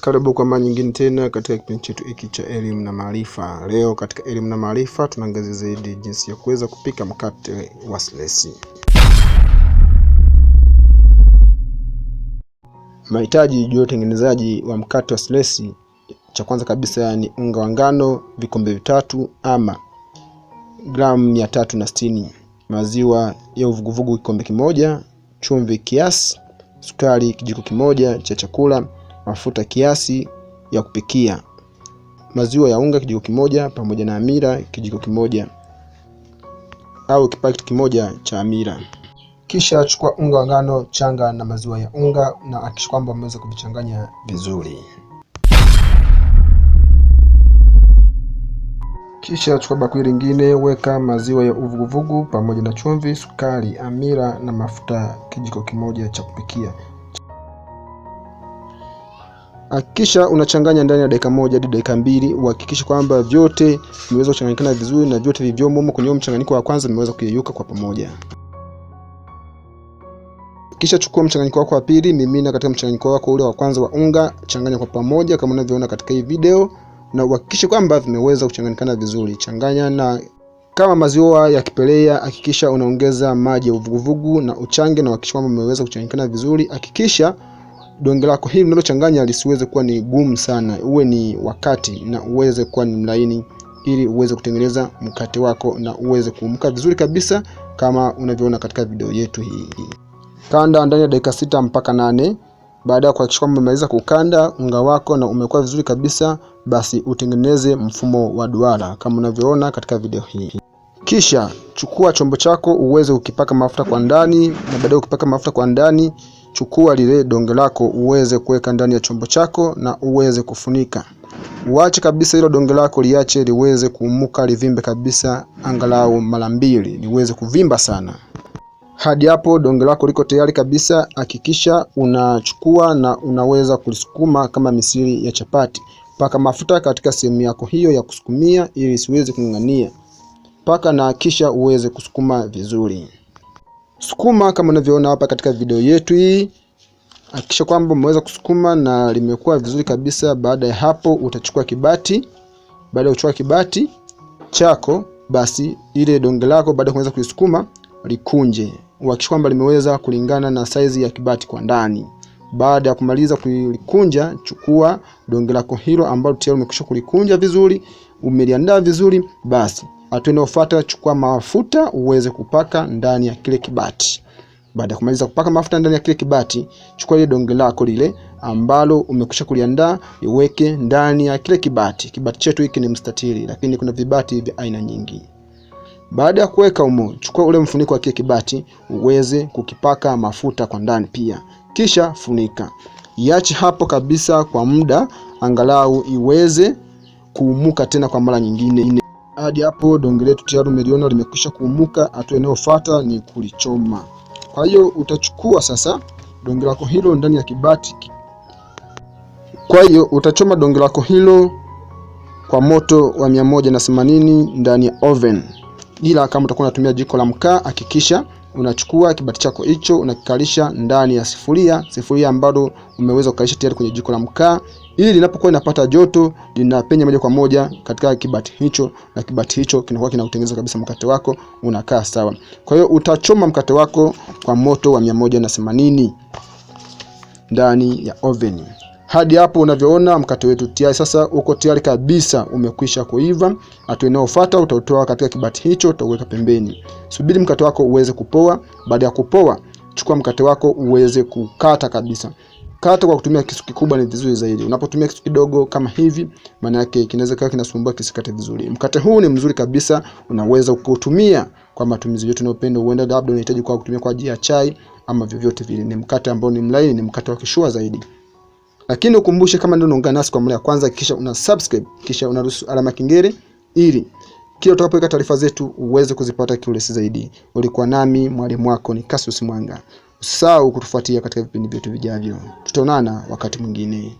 Karibu kwa mara nyingine tena katika kipindi chetu hiki cha elimu na maarifa. Leo katika elimu na maarifa tunaangazia zaidi jinsi ya kuweza kupika mkate wa slesi. Mahitaji juu ya utengenezaji wa mkate wa slesi, cha kwanza kabisa ni unga wa ngano vikombe vitatu ama gramu mia tatu na sitini, maziwa ya uvuguvugu kikombe kimoja, chumvi kiasi, sukari kijiko kimoja cha chakula mafuta kiasi ya kupikia, maziwa ya unga kijiko kimoja pamoja na hamira kijiko kimoja au kipakiti kimoja cha hamira. Kisha chukua unga wa ngano changa na maziwa ya unga na hakikisha kwamba umeweza kuvichanganya vizuri. Kisha chukua bakuli lingine, weka maziwa ya uvuguvugu pamoja na chumvi, sukari, amira na mafuta kijiko kimoja cha kupikia. Hakikisha unachanganya ndani ya dakika moja hadi dakika mbili, uhakikishe kwamba vyote vimeweza kuchanganyikana vizuri na vyote vilivyomo kwenye mchanganyiko wa kwanza vimeweza kuyeyuka kwa pamoja. Kisha chukua mchanganyiko wako wa pili, mimina katika mchanganyiko wako ule wa kwanza wa unga, changanya kwa pamoja kama unavyoona katika hii video, na uhakikishe kwamba vimeweza kuchanganyikana vizuri. Changanya na kama maziwa ya kipelea, hakikisha unaongeza maji ya uvuguvugu na uchange, na uhakikishe kwamba umeweza kuchanganyikana vizuri. Hakikisha donge lako hili unalochanganya lisiweze kuwa ni gumu sana, uwe ni wakati na uweze kuwa ni mlaini, ili uweze kutengeneza mkate wako na uweze kuumka vizuri kabisa kama unavyoona katika video yetu hii. Kanda ndani ya dakika sita mpaka nane. Baada ya kuhakikisha kwamba umemaliza kukanda unga wako na umekuwa vizuri kabisa, basi utengeneze mfumo wa duara kama unavyoona katika video hii. Kisha chukua chombo chako uweze ukipaka mafuta kwa ndani, na baadaye ukipaka mafuta kwa ndani chukua lile donge lako uweze kuweka ndani ya chombo chako na uweze kufunika. Uache kabisa hilo donge lako liache liweze kuumuka livimbe kabisa, angalau mara mbili liweze kuvimba sana. Hadi hapo donge lako liko tayari kabisa. Hakikisha unachukua na unaweza kulisukuma kama misiri ya chapati. Paka mafuta katika sehemu yako hiyo ya kusukumia ili isiweze kung'ang'ania. Paka na kisha uweze kusukuma vizuri sukuma kama unavyoona hapa katika video yetu hii. Hakikisha kwamba umeweza kusukuma na limekuwa vizuri kabisa. Baada ya hapo, utachukua kibati. Baada ya kuchukua kibati chako, basi ile donge lako baada ya kuweza kuisukuma likunje, uhakikisha kwamba limeweza kulingana na saizi ya kibati kwa ndani. Baada ya kumaliza kulikunja, chukua donge lako hilo ambalo tayari umekwisha kulikunja vizuri, umeliandaa vizuri basi Hatua inayofuata, chukua mafuta uweze kupaka ndani ya kile kibati. Baada ya kumaliza kupaka mafuta ndani ya kile kibati, chukua ile donge lako lile ambalo umekwisha kuliandaa, iweke ndani ya kile kibati. Kibati chetu hiki ni mstatili, lakini kuna vibati vya aina nyingi. Baada ya kuweka umo, chukua ule mfuniko wa kile kibati uweze kukipaka mafuta kwa ndani pia, kisha funika. Iache hapo kabisa kwa muda, angalau iweze kuumuka tena kwa mara nyingine. Hadi hapo donge letu tayari umeliona limekwisha kuumuka. Hatua inayofuata ni kulichoma. Kwa hiyo utachukua sasa donge lako hilo ndani ya kibati. Kwa hiyo utachoma donge lako hilo kwa moto wa 180 ndani ya oven, ila kama utakuwa unatumia jiko la mkaa hakikisha unachukua kibati chako hicho unakikalisha ndani ya sifuria, sifuria ambalo umeweza kukalisha tayari kwenye jiko la mkaa, ili linapokuwa linapata joto linapenya moja kwa moja katika kibati hicho, na kibati hicho kinakuwa kinautengeneza kabisa mkate wako unakaa sawa. Kwa hiyo utachoma mkate wako kwa moto wa 180 ndani ya oveni. Hadi hapo unavyoona mkate wetu tayari sasa uko tayari kabisa, umekwisha kuiva. Hatua inayofuata utautoa katika kibati hicho, utaweka pembeni. Subiri mkate wako uweze kupoa. Baada ya kupoa, chukua mkate wako uweze kukata kabisa. Kata kwa kutumia kisu kikubwa ni vizuri zaidi. Unapotumia kisu kidogo kama hivi, maana yake kinaweza kawa kinasumbua kisikate vizuri. Mkate huu ni mzuri kabisa, unaweza kutumia kwa matumizi yote unayopenda. Huenda labda unahitaji kwa kutumia kwa ajili ya chai ama vyovyote vile. Ni mkate ambao ni mlaini, ni mkate wa kishua zaidi. Lakini ukumbushe kama ndio unaungana nasi kwa mara ya kwanza, kisha una subscribe, kisha unaruhusu alama kengele ili kila utakapoweka taarifa zetu uweze kuzipata kiurahisi zaidi. Ulikuwa nami mwalimu wako ni Cassius Mwanga. Usahau kutufuatia katika vipindi vyetu vijavyo. Tutaonana wakati mwingine.